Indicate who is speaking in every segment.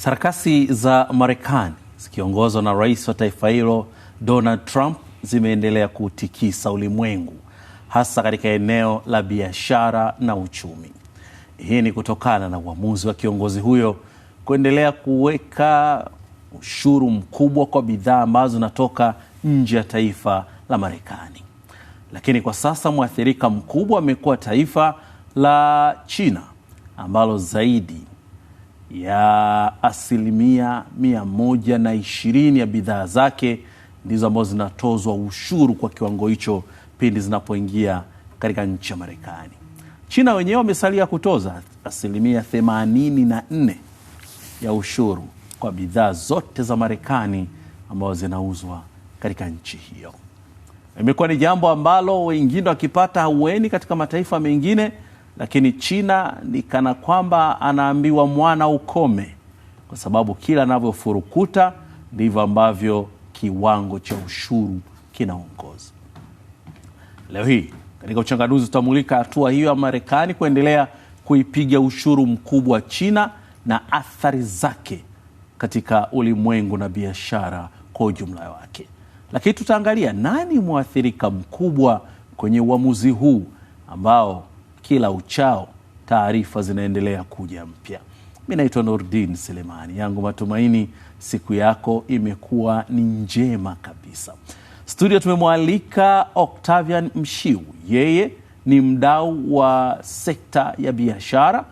Speaker 1: Sarakasi za Marekani zikiongozwa na rais wa taifa hilo Donald Trump zimeendelea kutikisa ulimwengu hasa katika eneo la biashara na uchumi. Hii ni kutokana na uamuzi wa kiongozi huyo kuendelea kuweka ushuru mkubwa kwa bidhaa ambazo zinatoka nje ya taifa la Marekani. Lakini kwa sasa mwathirika mkubwa amekuwa taifa la China ambalo zaidi ya asilimia mia moja na ishirini ya bidhaa zake ndizo ambazo zinatozwa ushuru kwa kiwango hicho pindi zinapoingia katika nchi ya Marekani. China wenyewe wamesalia kutoza asilimia themanini na nne ya ushuru kwa bidhaa zote za Marekani ambazo zinauzwa katika nchi hiyo. Imekuwa ni jambo ambalo wengine wakipata ahueni katika mataifa mengine lakini China ni kana kwamba anaambiwa mwana ukome, kwa sababu kila anavyofurukuta ndivyo ambavyo kiwango cha ushuru kinaongoza. Leo hii katika uchanganuzi tutamulika hatua hiyo ya Marekani kuendelea kuipiga ushuru mkubwa China na athari zake katika ulimwengu na biashara kwa ujumla wake. Lakini tutaangalia nani mwathirika mkubwa kwenye uamuzi huu ambao kila uchao taarifa zinaendelea kuja mpya. Mi naitwa Nurdin Selemani, yangu matumaini siku yako imekuwa ni njema kabisa. Studio tumemwalika Octavian Mshiu, yeye ni mdau wa sekta ya biashara,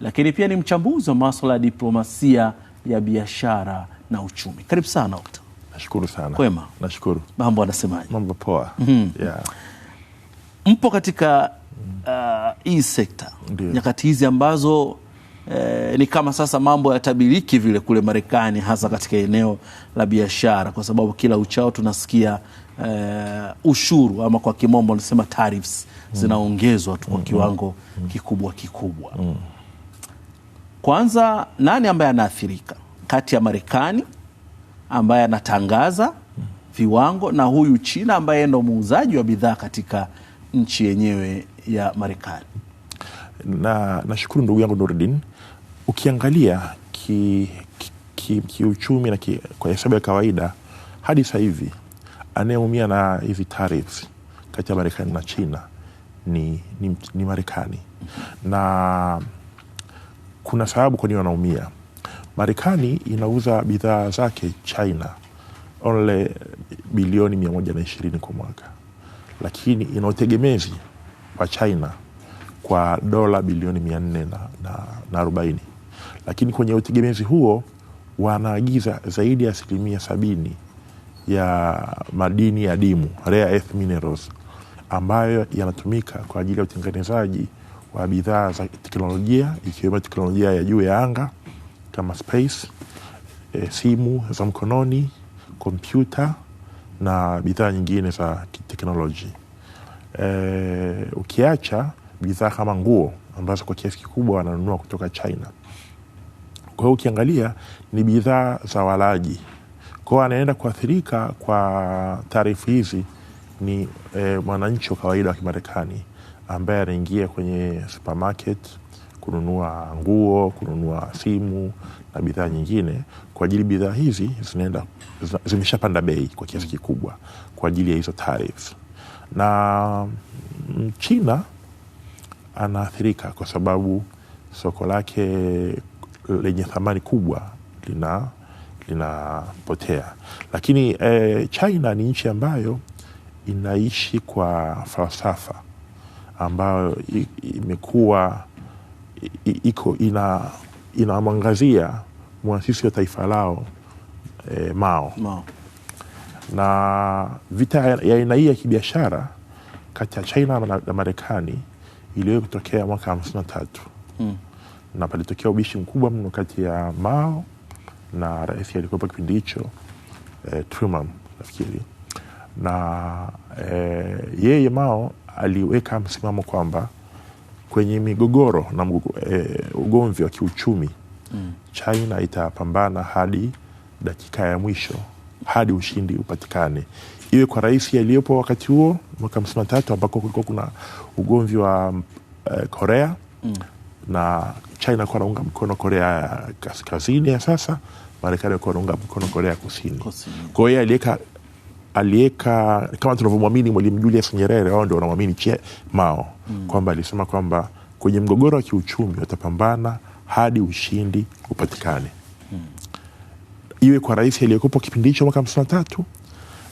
Speaker 1: lakini pia ni mchambuzi wa maswala ya diplomasia ya biashara na uchumi. Karibu sana Okta.
Speaker 2: Nashukuru sana. Kwema? Nashukuru.
Speaker 1: Mambo anasemaje? Mambo poa. mm -hmm. yeah. Mpo katika mm. uh, hii sekta nyakati hizi ambazo eh, ni kama sasa mambo yatabiriki vile kule Marekani, hasa katika eneo la biashara, kwa sababu kila uchao tunasikia eh, ushuru ama kwa kimombo nasema tariffs mm. zinaongezwa tu kwa mm kiwango kikubwa kikubwa mm. Kwanza, nani ambaye anaathirika kati ya Marekani ambaye anatangaza mm. viwango na huyu China ambaye ndo muuzaji wa bidhaa katika nchi yenyewe ya Marekani.
Speaker 2: Na nashukuru ndugu yangu Nurdin, ukiangalia kiuchumi ki, ki, ki na kwa hesabu ya kawaida hadi sasa hivi anayeumia na hizi tariffs kati ya Marekani na China ni, ni, ni Marekani na kuna sababu kwa nini wanaumia. Marekani inauza bidhaa zake China only bilioni 120 kwa mwaka, lakini ina utegemezi kwa China kwa dola bilioni mia nne na, na, na arobaini, lakini kwenye utegemezi huo wanaagiza zaidi ya asilimia sabini ya madini ya dimu rare earth minerals ambayo yanatumika kwa ajili ya utengenezaji wa bidhaa za teknolojia ikiwemo teknolojia ya juu ya anga kama space, e, simu za mkononi, kompyuta na bidhaa nyingine za teknolojia eh, ukiacha bidhaa kama nguo ambazo kwa kiasi kikubwa wananunua kutoka China. Kwa hiyo ukiangalia ni bidhaa za walaji, kwa hiyo anaenda kuathirika kwa taarifu hizi ni eh, mwananchi wa kawaida wa Kimarekani ambaye anaingia kwenye supermarket kununua nguo, kununua simu na bidhaa nyingine, kwa ajili bidhaa hizi zinaenda zimeshapanda bei kwa kiasi kikubwa kwa ajili ya hizo tarifu na mm, China anaathirika kwa sababu soko lake eh, lenye thamani kubwa lina linapotea, lakini e, China ni nchi ambayo inaishi kwa falsafa ambayo imekuwa iko inamwangazia ina mwasisi wa taifa lao e, Mao, Mao na vita ya aina hii ya kibiashara kati ya China na Marekani iliwahi kutokea mwaka hamsini na tatu mm. na palitokea ubishi mkubwa mno kati ya Mao na rais alikuwepo kipindi hicho eh, Truman nafikiri na eh, yeye Mao aliweka msimamo kwamba kwenye migogoro na eh, ugomvi wa kiuchumi mm. China itapambana hadi dakika ya mwisho hadi ushindi upatikane, iwe kwa rais aliyopo wakati huo mwaka hamsini na tatu ambako kulikuwa kuna ugomvi wa uh, Korea mm. na China kuwa naunga mkono Korea ya kaskazini ya sasa, Marekani akuwa naunga mkono Korea ya kusini. Kwa hiyo aliweka aliweka kama tunavyomwamini Mwalimu Julius Nyerere, wao ndio wanamwamini Che Mao mm. kwamba alisema kwamba kwenye mgogoro wa kiuchumi watapambana hadi ushindi upatikane iwe kwa rais aliyekuwepo kipindi hicho mwaka hamsini na tatu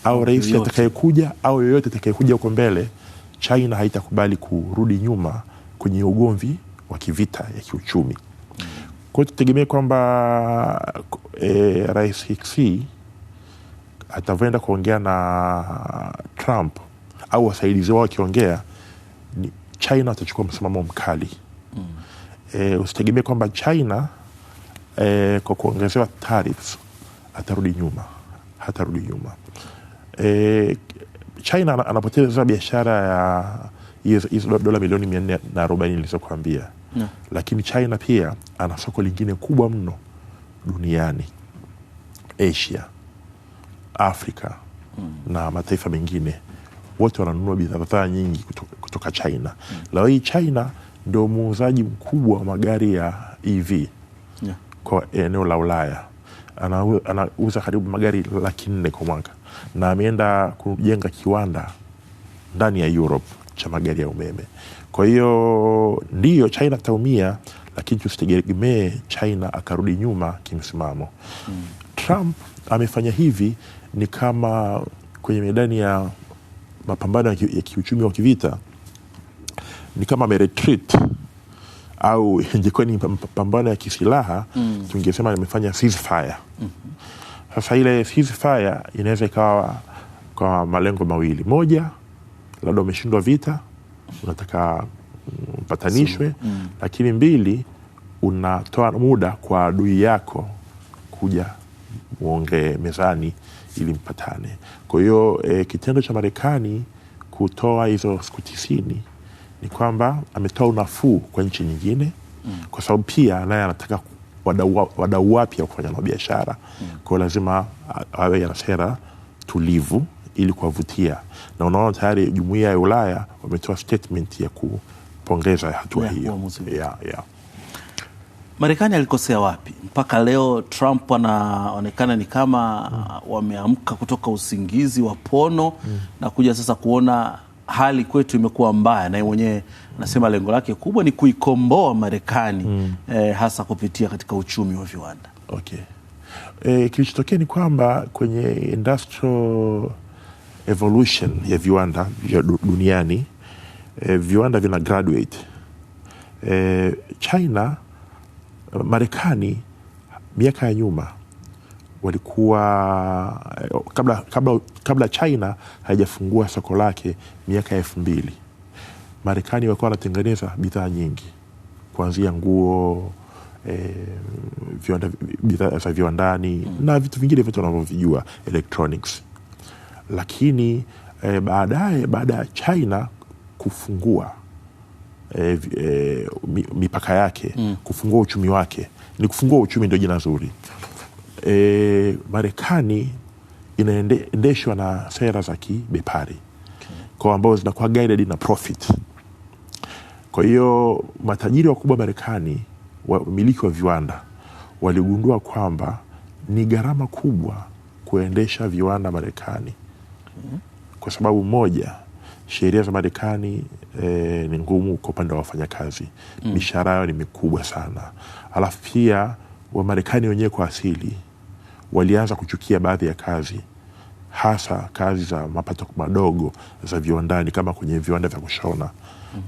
Speaker 2: au rais atakayekuja au yoyote atakayekuja huko mbele, China haitakubali kurudi nyuma kwenye ugomvi wa kivita ya kiuchumi. Kwa hiyo tutegemee kwamba e, rais Xi atavyoenda kuongea na Trump au wasaidizi wao wakiongea, China atachukua msimamo mkali mm. E, usitegemee kwamba China e, kwa kuongezewa tariffs atarudi nyuma, hatarudi nyuma. E, China anapoteza biashara ya hizo dola milioni mia nne na arobaini nilizokuambia no. Lakini China pia ana soko lingine kubwa mno duniani, Asia, Afrika mm. na mataifa mengine wote wananunua bidhaa nyingi kutoka, kutoka China mm. Leo hii China ndo muuzaji mkubwa wa magari ya EV yeah. kwa eneo la Ulaya anauza karibu magari laki nne kwa mwaka na ameenda kujenga kiwanda ndani ya Europe cha magari ya umeme. Kwa hiyo ndiyo China ataumia, lakini tusitegemee China akarudi nyuma kimsimamo. Mm. Trump amefanya hivi ni kama kwenye medani ya mapambano ya kiuchumi wa kivita, ni kama ameretreat au ingekuwa ni pambano ya kisilaha mm. tungesema amefanya ceasefire. Mm -hmm. Sasa ile ceasefire inaweza ikawa kwa malengo mawili, moja, labda umeshindwa vita, unataka mpatanishwe mm. Lakini mbili, unatoa muda kwa adui yako kuja uongee mezani ili mpatane. Kwa hiyo e, kitendo cha Marekani kutoa hizo siku tisini ni kwamba ametoa unafuu kwa nchi nyingine mm. kwa sababu pia naye anataka wadau wapya wa kufanya nao biashara mm. kwao lazima awe na sera tulivu ili kuwavutia, na unaona tayari jumuiya ya Ulaya wametoa statement ya kupongeza hatua hiyo yeah,
Speaker 1: Marekani alikosea wapi mpaka leo Trump anaonekana ni kama mm. wameamka kutoka usingizi wa pono mm. na kuja sasa kuona hali kwetu imekuwa mbaya, naye mwenyewe anasema lengo lake kubwa ni kuikomboa Marekani mm. eh, hasa kupitia katika uchumi wa viwanda
Speaker 2: okay. Eh, kilichotokea ni kwamba kwenye industrial evolution ya viwanda vya duniani eh, viwanda vina graduate eh, China Marekani miaka ya nyuma walikuwa kabla, kabla, kabla China haijafungua soko lake miaka ya elfu mbili Marekani walikuwa wanatengeneza bidhaa nyingi kuanzia nguo E, bidhaa za viwandani mm. na vitu vingine vyote wanavyovijua electronics, lakini e, baadaye baada ya China kufungua e, e, mipaka yake mm. kufungua uchumi wake, ni kufungua uchumi ndio jina zuri, e, Marekani inaendeshwa na sera za kibepari okay, kwa ambao zinakuwa guided na profit. Kwa hiyo matajiri wakubwa Marekani, wamiliki wa viwanda, waligundua kwamba ni gharama kubwa kuendesha viwanda Marekani mm-hmm. kwa sababu moja sheria za Marekani e, ni ngumu kwa upande wa wafanyakazi mm. Mishahara yao ni mikubwa sana, alafu pia Wamarekani wenyewe kwa asili walianza kuchukia baadhi ya kazi, hasa kazi za mapato madogo za viwandani kama kwenye viwanda vya kushona.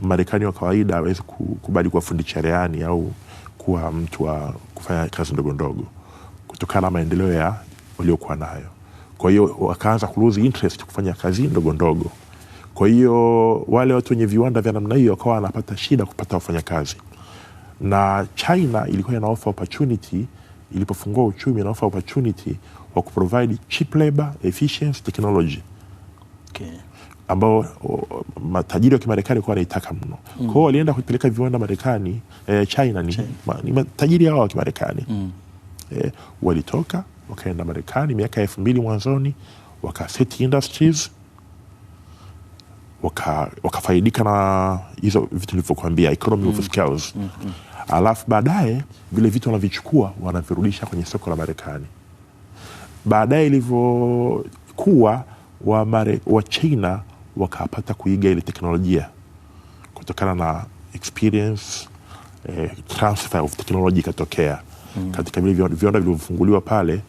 Speaker 2: Mhm. Marekani wa kawaida hawezi kukubali kuwa fundi cherehani au kuwa mtu wa kufanya kazi ndogo ndogo kutokana na maendeleo ya waliokuwa nayo. Kwa hiyo wakaanza kuluzi interest kufanya kazi ndogo ndogo. Kwa hiyo wale watu wenye viwanda vya namna hiyo wakawa wanapata shida kupata wafanyakazi, na China ilikuwa ina offer opportunity ilipofungua uchumi inaofa opportunity wa kuprovide cheap labor, efficient technology okay ambao matajiri wa Kimarekani kwa wanaitaka mno mm. Kwa hiyo walienda kupeleka viwanda Marekani eh, China ni, China. Ma, ni matajiri hao wa Kimarekani mm. Eh, walitoka wakaenda Marekani miaka elfu mbili mwanzoni waka set industries waka, wakafaidika na hizo vitu nilivyokuambia economy mm. of scales mm. Mm alafu baadaye vile vitu wanavichukua wanavirudisha kwenye soko la Marekani. Baadaye ilivyokuwa wa, wa China wakapata kuiga ile teknolojia kutokana na experience eh, transfer of technology ikatokea mm. Katika vile viwanda vilivyofunguliwa pale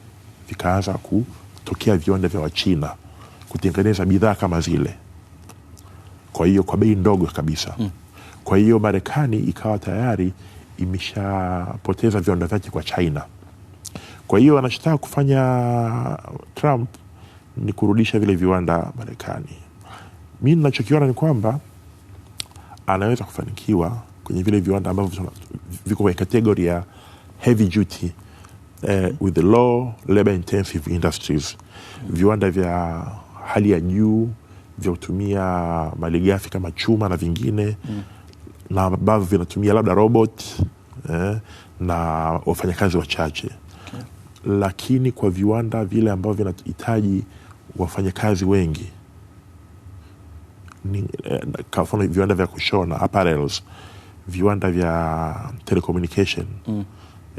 Speaker 2: vikaanza kutokea viwanda vya Wachina kutengeneza bidhaa kama zile, kwa hiyo kwa bei ndogo kabisa mm. Kwa hiyo Marekani ikawa tayari imeshapoteza viwanda vyake kwa China. Kwa hiyo anachotaka kufanya Trump ni kurudisha vile viwanda Marekani. Mi nachokiona ni kwamba anaweza kufanikiwa kwenye vile viwanda ambavyo viko kwenye kategori ya heavy duty eh, with the low labor intensive industries, viwanda vya hali ya juu vya kutumia malighafi kama chuma na vingine mm na ambavyo vinatumia labda robot eh, na wafanyakazi wachache okay. Lakini kwa viwanda vile ambavyo vinahitaji wafanyakazi wengi ni, eh, viwanda vya kushona apparels, viwanda vya telecommunication mm.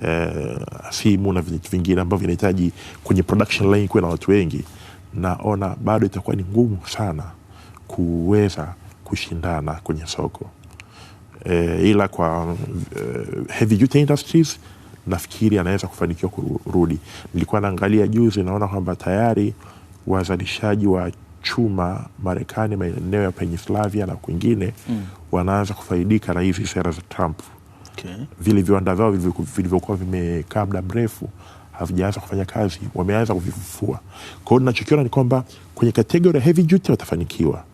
Speaker 2: eh, simu na vitu vingine ambavyo vinahitaji kwenye production line kuwe na watu wengi, naona bado itakuwa ni ngumu sana kuweza kushindana kwenye soko e, ila kwa eh, heavy duty industries nafikiri anaweza kufanikiwa kurudi. Nilikuwa naangalia juzi, naona kwamba tayari wazalishaji wa chuma Marekani, maeneo ya Pennsylvania na kwingine mm. wanaanza kufaidika na hizi sera za Trump. Okay. Vile viwanda vyao vilivyokuwa vimekaa muda mrefu havijaanza kufanya kazi, wameanza kuvifufua. Kwa hiyo ni kwamba kwenye kategori ya heavy duty watafanikiwa,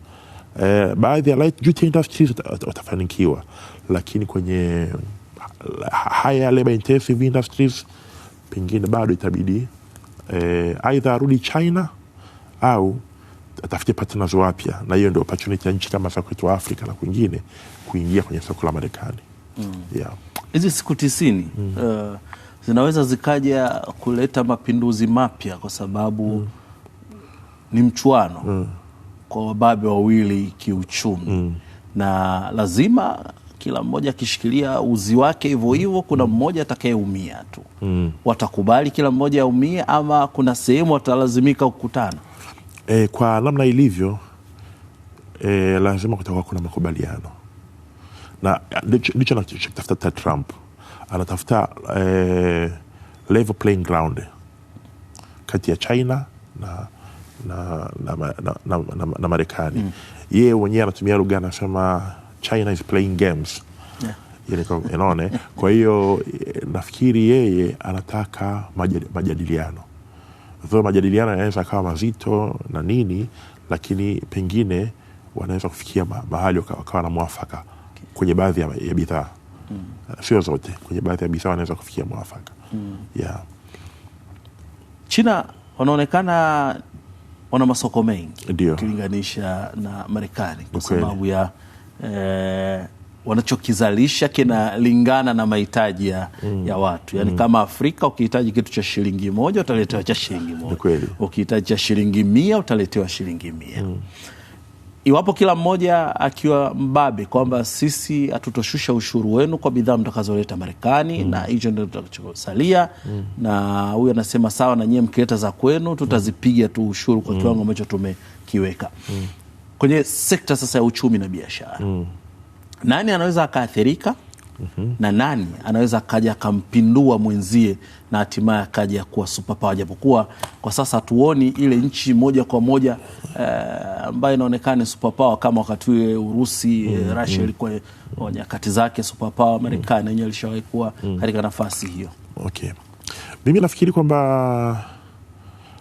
Speaker 2: eh, baadhi ya light duty industries watafanikiwa, lakini kwenye haya labor intensive industries pengine bado itabidi eh, aidha arudi China au atafute partners wapya, na hiyo ndio opportunity ya nchi kama za kwetu Afrika na kwingine kuingia kwenye soko la Marekani hizi mm.
Speaker 1: yeah. siku tisini mm. uh, zinaweza zikaja kuleta mapinduzi mapya kwa sababu mm. ni mchuano mm kwa wababe wawili kiuchumi mm. na lazima kila mmoja akishikilia uzi wake hivyo hivyo, kuna mm. mmoja atakayeumia tu mm. watakubali kila mmoja aumie, ama kuna sehemu watalazimika kukutana.
Speaker 2: E, kwa namna ilivyo e, lazima kutakuwa kuna makubaliano, na ndicho anachokitafuta Trump. Anatafuta e, level playing ground kati ya China na na, na, na, na, na, na Marekani mm. Yeye mwenyewe anatumia lugha anasema China is playing games yeah. Eh? kwa hiyo eh, nafikiri yeye anataka majadiliano, though majadiliano yanaweza akawa mazito na nini, lakini pengine wanaweza kufikia mahali wakawa na mwafaka okay. kwenye baadhi ya, ya bidhaa mm. sio zote, kwenye baadhi ya bidhaa wanaweza kufikia mwafaka mm. yeah.
Speaker 1: China wanaonekana wana masoko mengi ukilinganisha na Marekani kwa sababu ya eh, wanachokizalisha kinalingana na mahitaji ya, mm. ya watu yaani, mm. kama Afrika ukihitaji kitu cha shilingi moja utaletewa cha shilingi moja, ukihitaji cha shilingi mia utaletewa shilingi mia mm iwapo kila mmoja akiwa mbabe kwamba sisi hatutoshusha ushuru wenu kwa bidhaa mtakazoleta Marekani mm. na hicho ndio tutakachosalia mm. na huyu anasema sawa, na nyie mkileta za kwenu tutazipiga tu ushuru kwa mm. kiwango ambacho tumekiweka mm. kwenye sekta sasa ya uchumi na biashara mm. nani anaweza akaathirika? mm -hmm. na nani anaweza akaja akampindua mwenzie na hatimaye akaja kuwa superpower, japokuwa kwa sasa hatuoni ile nchi moja kwa moja eh, ambayo inaonekana ni superpower kama wakati ule Urusi eh, mm -hmm. rasia ilikuwa nyakati zake superpower. Marekani mm -hmm. ilishawahi kuwa mm -hmm. katika nafasi hiyo.
Speaker 2: Okay, mimi nafikiri kwamba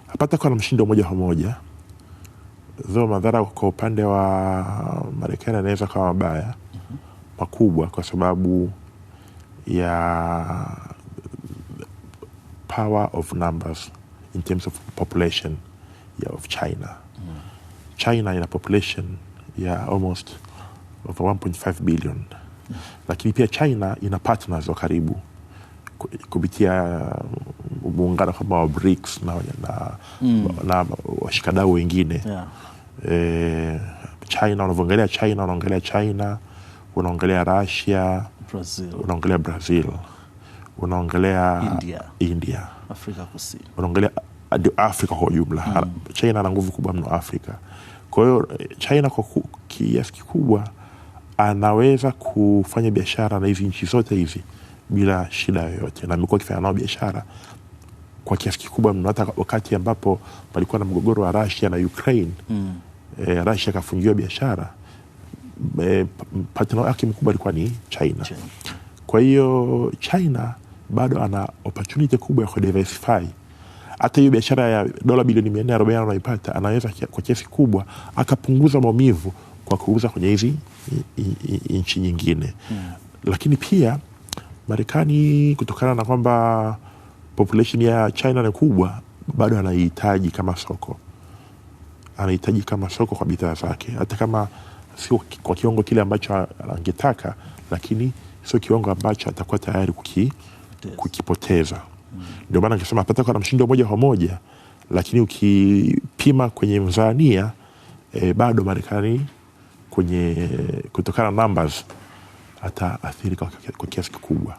Speaker 2: hapata kuwa na mshindo moja kwa moja, though madhara kwa upande wa Marekani anaweza kawa mabaya pakubwa kwa sababu ya power of numbers in terms of population of China. Mm. China ina population ya almost over 1.5 billion mm. Lakini pia China ina partners wa karibu kupitia uh, muungano kama wa BRICS na, na, mm. na washikadau wengine yeah. E, China unavyoangalia China unaangalia China unaongelea Russia, unaongelea Brazil, unaongelea India, India.
Speaker 1: Afrika Kusini,
Speaker 2: unaongelea ah, Afrika kwa ujumla mm. China ana nguvu kubwa mno Afrika. Kwa hiyo eh, China kwa kiasi kikubwa anaweza kufanya biashara na hizi nchi zote hizi bila shida yoyote, na amekuwa akifanya nao biashara kwa kiasi kikubwa mno, hata wakati ambapo palikuwa na mgogoro wa Russia na Ukraine mm. E, Russia akafungiwa biashara e, eh, yake mkubwa ilikuwa ni China. China. Kwa hiyo China bado ana opportunity kubwa ya kudiversify hata hiyo biashara ya dola bilioni mia nne arobaini anaipata anaweza kwa kiasi kubwa akapunguza maumivu kwa kuuza kwenye hizi nchi nyingine hmm. Lakini pia Marekani kutokana na kwamba population ya China ni kubwa, bado anaihitaji kama soko, anahitaji kama soko kwa bidhaa zake, hata kama sio kwa kiwango kile ambacho angetaka, lakini sio kiwango ambacho atakuwa tayari kuki, kukipoteza. Ndio maana nikasema hapataka na mshindo moja kwa moja, lakini ukipima kwenye mzania e, bado Marekani kwenye kutokana na numbers ataathirika kwa kiasi kikubwa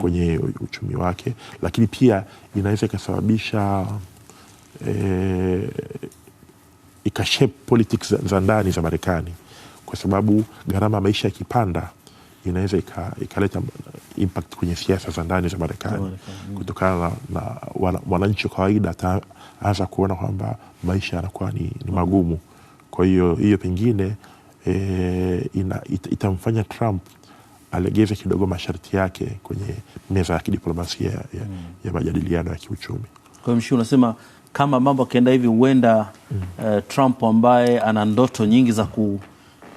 Speaker 2: kwenye uchumi wake, lakini pia inaweza ikasababisha e, ikashape politics za ndani za Marekani, kwa sababu gharama maisha ikipanda inaweza ikaleta impact kwenye siasa za ndani za Marekani mm. kutokana na mwananchi wa kawaida ataanza kuona kwamba maisha yanakuwa ni, ni magumu. Kwa hiyo hiyo pengine e, ina, it, itamfanya Trump alegeze kidogo masharti yake kwenye meza ya kidiplomasia ya, ya, mm. ya majadiliano ya kiuchumi.
Speaker 1: Kwa hiyo unasema kama mambo akienda hivi huenda uh, Trump ambaye ana ndoto nyingi za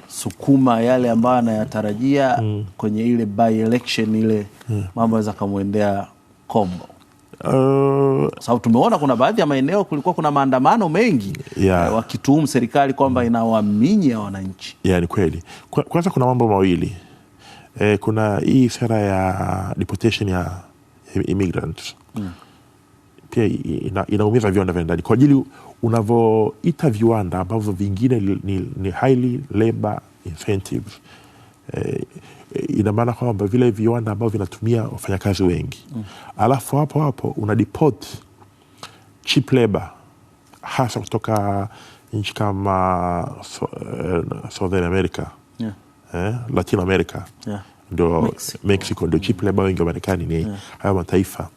Speaker 1: kusukuma yale ambayo anayatarajia mm. kwenye ile by election ile yeah. Mm. mambo anaweza akamwendea kombo. Uh, sababu tumeona kuna baadhi ya maeneo kulikuwa kuna maandamano mengi yeah. eh, wakituhumu serikali kwamba mm. inawaminya wananchi.
Speaker 2: Yeah, ni kweli. Kwanza kuna mambo mawili eh, kuna hii sera ya deportation ya immigrants mm pia ina, inaumiza viwanda vya ndani kwa ajili unavyoita viwanda ambavyo vingine ni, ni, highly labor incentive eh, ina maana kwamba vile viwanda ambavyo vinatumia wafanyakazi wengi mm. alafu hapo hapo una deport cheap labor hasa kutoka nchi kama so, uh, southern america yeah. eh, latin america yeah. ndo mexico, mexico ndio chip labor wengi wa marekani ni yeah. hayo mataifa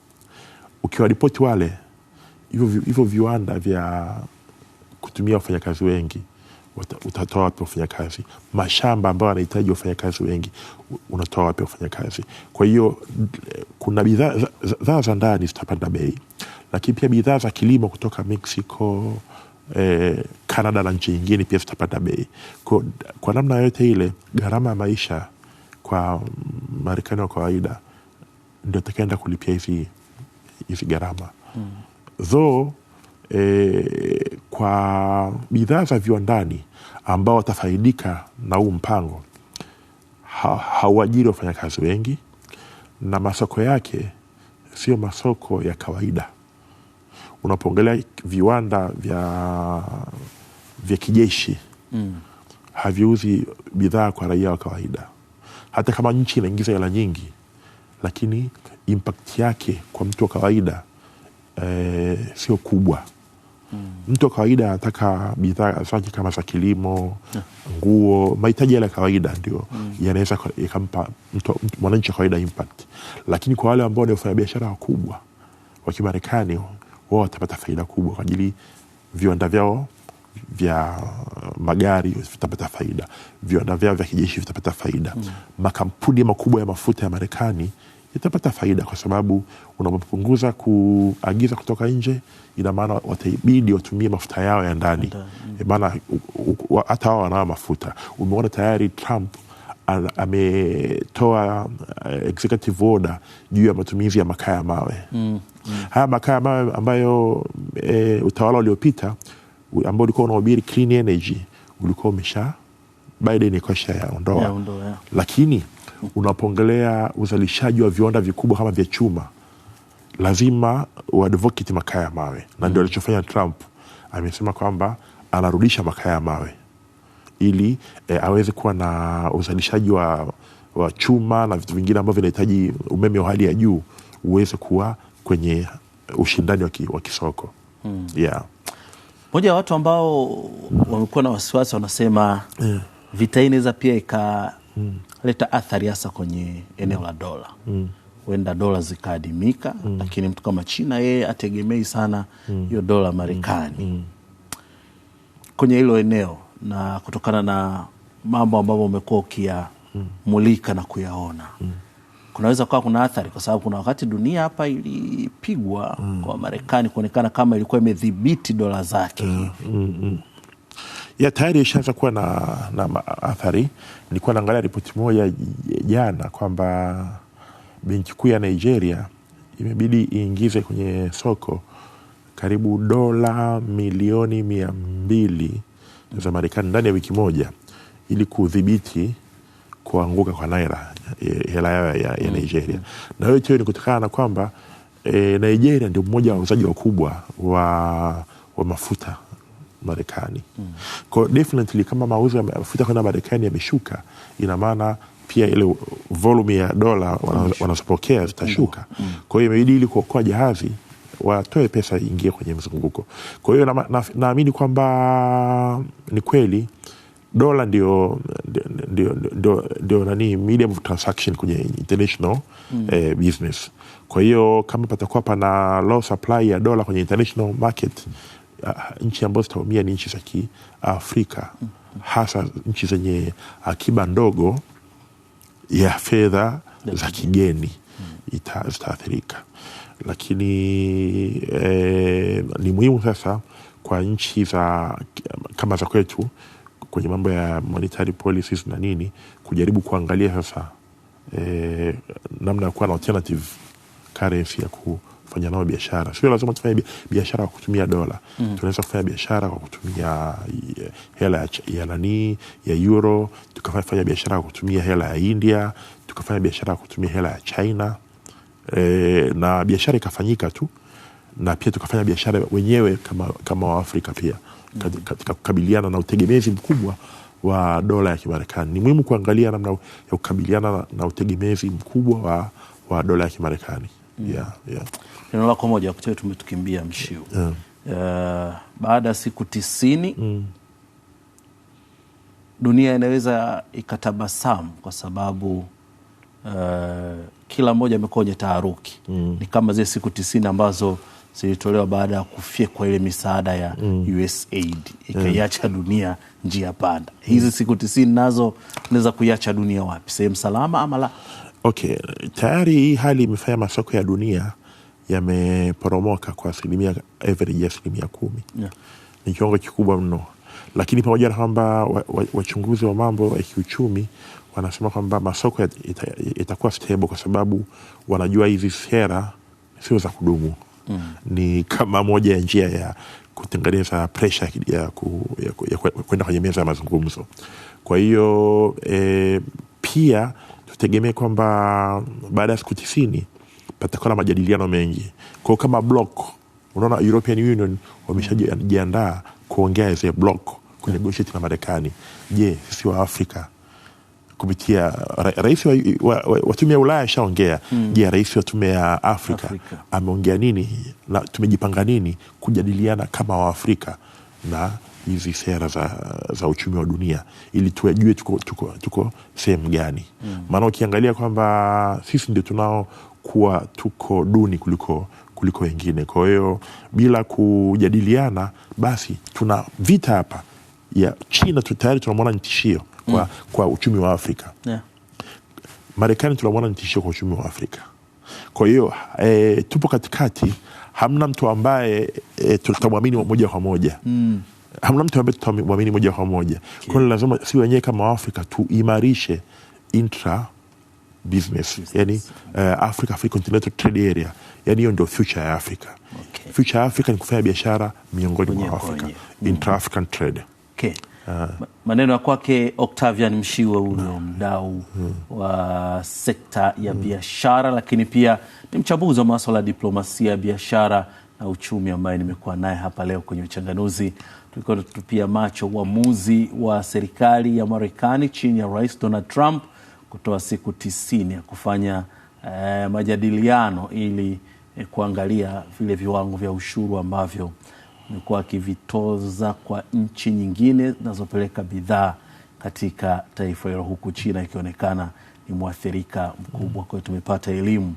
Speaker 2: ukiwaripoti wale hivyo viwanda vya kutumia wafanyakazi wengi utatoa wapi wafanyakazi? Mashamba ambayo anahitaji wafanyakazi wengi unatoa wapi wafanyakazi? Kwa hiyo kuna bidhaa za, za ndani zitapanda bei, lakini pia bidhaa za kilimo kutoka Mexico eh, na nchi nyingine pia zitapanda bei. Kwa, kwa namna yoyote ile gharama ya maisha kwa mm, Marekani wa kawaida ndio takaenda kulipia hizi hizi gharama mm. tho e, eh, kwa bidhaa za viwandani ambao watafaidika na huu mpango ha, hauajiri wafanyakazi wengi na masoko yake sio masoko ya kawaida unapoongelea viwanda vya vya kijeshi mm. haviuzi bidhaa kwa raia wa kawaida hata kama nchi inaingiza hela nyingi lakini impact yake kwa mtu wa kawaida e, sio kubwa mm. Mtu wa kawaida anataka bidhaa zake kama za kilimo yeah, nguo, mahitaji yale ya kawaida ndio mm, yanaweza yakampa mwananchi wa kawaida impact, lakini kwa wale ambao ni wafanyabiashara wakubwa wa Kimarekani wao watapata faida kubwa kwa ajili viwanda vyao vya magari vitapata faida, viwanda vyao vya kijeshi vitapata faida mm. Makampuni makubwa ya mafuta ya Marekani itapata faida kwa sababu unapopunguza kuagiza kutoka nje, ina maana wataibidi watumie mafuta yao ya ndani, mm. eh, maana hata wao wanao mafuta. Umeona tayari Trump ametoa uh, executive order juu ya matumizi ya makaa ya mawe mm, mm. Haya makaa ya mawe ambayo e, utawala uliopita ambao ulikuwa unahubiri clean energy ulikuwa umesha Biden ikosha ya ondoa, yeah, lakini unapongelea uzalishaji wa viwanda vikubwa kama vya chuma, lazima uadvocate makaa ya mawe, na ndio alichofanya Trump. Amesema kwamba anarudisha makaa ya mawe ili e, aweze kuwa na uzalishaji wa, wa chuma na vitu vingine ambavyo vinahitaji umeme wa hali ya juu uweze kuwa kwenye ushindani wa, ki, wa kisoko hmm. yeah.
Speaker 1: Moja ya watu ambao wamekuwa na wasiwasi wanasema yeah. vita hii inaweza pia ika hmm leta athari hasa kwenye eneo la dola huenda mm. dola zikaadimika mm. lakini mtu kama China yeye ategemei sana hiyo mm. dola Marekani mm. kwenye hilo eneo, na kutokana na mambo ambavyo umekuwa ukiyamulika na kuyaona mm. kunaweza kuwa kuna athari, kwa sababu kuna wakati dunia hapa ilipigwa mm. kwa Marekani kuonekana kama ilikuwa imedhibiti dola zake hivi mm. mm. mm, mm
Speaker 2: ya tayari ishaanza kuwa na, na athari. Nilikuwa naangalia ripoti moja jana kwamba benki kuu ya Nigeria imebidi iingize kwenye soko karibu dola milioni mia mbili za Marekani ndani ya wiki moja ili kudhibiti kuanguka kwa naira eh, hela yao ya, ya mm-hmm. Nigeria mm. na hiyo hiyo ni kutokana na kwamba e, Nigeria ndio mmoja wa wauzaji wakubwa wa, wa mafuta Marekani mm. Kwa definitely kama mauzo ya mafuta kwenda Marekani yameshuka, ina maana pia ile volume ya dola wanazopokea zitashuka. Mm. Mm. Kwa hiyo imebidi ili kuokoa jahazi watoe pesa ingie kwenye mzunguko. Kwa hiyo naamini na, na kwamba ni kweli dola ndio ndio nani medium of transaction kwenye international mm. eh, business. Kwa hiyo kama patakuwa pana low supply ya dola kwenye international market mm Ah, nchi ambazo zitaumia ni nchi za Kiafrika hasa nchi zenye akiba ah, ndogo ya fedha za kigeni zitaathirika, lakini e, ni muhimu sasa kwa nchi za kama za kwetu kwenye mambo ya monetary policies na nini kujaribu kuangalia sasa e, namna ya kuwa na alternative currency ya ku kufanya nao biashara. Sio lazima tufanye biashara kwa kutumia dola mm. tunaweza kufanya biashara kwa kutumia eh, hela ya nani ya euro, tukafanya biashara kwa kutumia hela ya India, tukafanya biashara kwa kutumia hela ya China e, na biashara ikafanyika tu, na pia tukafanya biashara wenyewe kama, kama Waafrika pia katika mm. kukabiliana na utegemezi mkubwa wa dola ya Kimarekani. Ni muhimu kuangalia namna ya kukabiliana na utegemezi mkubwa wa, wa dola ya Kimarekani. mm. yeah, yeah
Speaker 1: neno lako moja wakati tumetukimbia mshiu yeah. Uh, baada ya siku tisini mm. dunia inaweza ikatabasamu kwa sababu uh, kila mmoja amekuwa kwenye taharuki mm. ni kama zile siku tisini ambazo zilitolewa baada ya kufyekwa ile misaada ya mm. USAID ikaiacha dunia njia panda. Hizi mm. siku tisini nazo naweza kuiacha dunia wapi, sehemu salama ama la?
Speaker 2: Okay, tayari hii hali imefanya masoko ya dunia yameporomoka kwa asilimia average ya asilimia kumi yeah. Ni kiwango kikubwa mno, lakini pamoja na kwamba wachunguzi wa, wa mambo ya kiuchumi wanasema kwamba masoko yatakuwa ita, stable kwa sababu wanajua hizi sera sio za kudumu mm. Ni kama moja ya njia ya kutengeneza presha ya, ku, ya, ku, ya kwenye meza ya mazungumzo. Kwa hiyo e, pia tutegemee kwamba baada ya siku tisini patakuwa na majadiliano mengi kwao kama block unaona european union wameshajiandaa kuongea as a block kunegotiate na marekani je sisi wa afrika kupitia rais wa, wa, wa, wa tume ya ulaya ashaongea mm. je rais wa tume ya afrika, afrika. ameongea nini na tumejipanga nini kujadiliana kama waafrika na hizi sera za, za uchumi wa dunia ili tuajue tuko, tuko, tuko sehemu gani hmm. maana mm. ukiangalia kwamba sisi ndio tunao kuwa tuko duni kuliko kuliko wengine. Kwa hiyo bila kujadiliana, basi tuna vita hapa ya China tayari tunamwona ni tishio kwa, mm. kwa uchumi wa Afrika yeah. Marekani tunamwona ni tishio kwa uchumi wa Afrika. Kwa hiyo e, tupo katikati, hamna mtu ambaye e, tutamwamini moja kwa moja mm. hamna mtu ambaye tutamwamini moja kwa moja okay. Kwa hiyo lazima si wenyewe kama Waafrika tuimarishe intra business, business. yani uh, Africa Free Continental Trade Area, yani hiyo ndio future ya Africa. Okay. Future ya Africa ni kufanya biashara miongoni mwa Afrika, mm. intra-African trade.
Speaker 1: Okay. Uh, maneno ya kwake Octavian Mshiwe, huyo mm. mdau mm. wa sekta ya biashara, lakini pia ni mchambuzi wa masuala ya diplomasia, biashara na uchumi, ambaye nimekuwa naye hapa leo kwenye Uchanganuzi. Tulikuwa tutupia macho uamuzi wa serikali ya Marekani chini ya Rais Donald Trump kutoa siku tisini ya kufanya eh, majadiliano ili eh, kuangalia vile viwango vya ushuru ambavyo amekuwa akivitoza kwa nchi nyingine zinazopeleka bidhaa katika taifa hilo, huku China ikionekana ni mwathirika mkubwa. Kwa hiyo tumepata elimu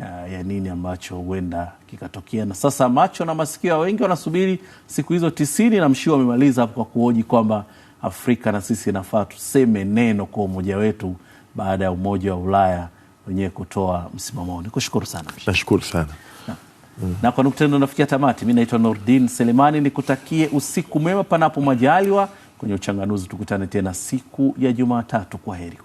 Speaker 1: eh, ya nini ambacho huenda kikatokea, na sasa macho na masikio ya wengi wanasubiri siku hizo tisini, na Mshiu amemaliza hapo kwa kuhoji kwamba Afrika na sisi inafaa tuseme neno kwa umoja wetu baada ya Umoja wa Ulaya wenyewe kutoa msimamo kushukuru Nikushukuru sana.
Speaker 2: Nashukuru sana na,
Speaker 1: mm. na kwa nukta ndio nafikia tamati. mi naitwa nordin Selemani, nikutakie usiku mwema, panapo majaliwa kwenye uchanganuzi tukutane tena siku ya Jumatatu. Kwa heri.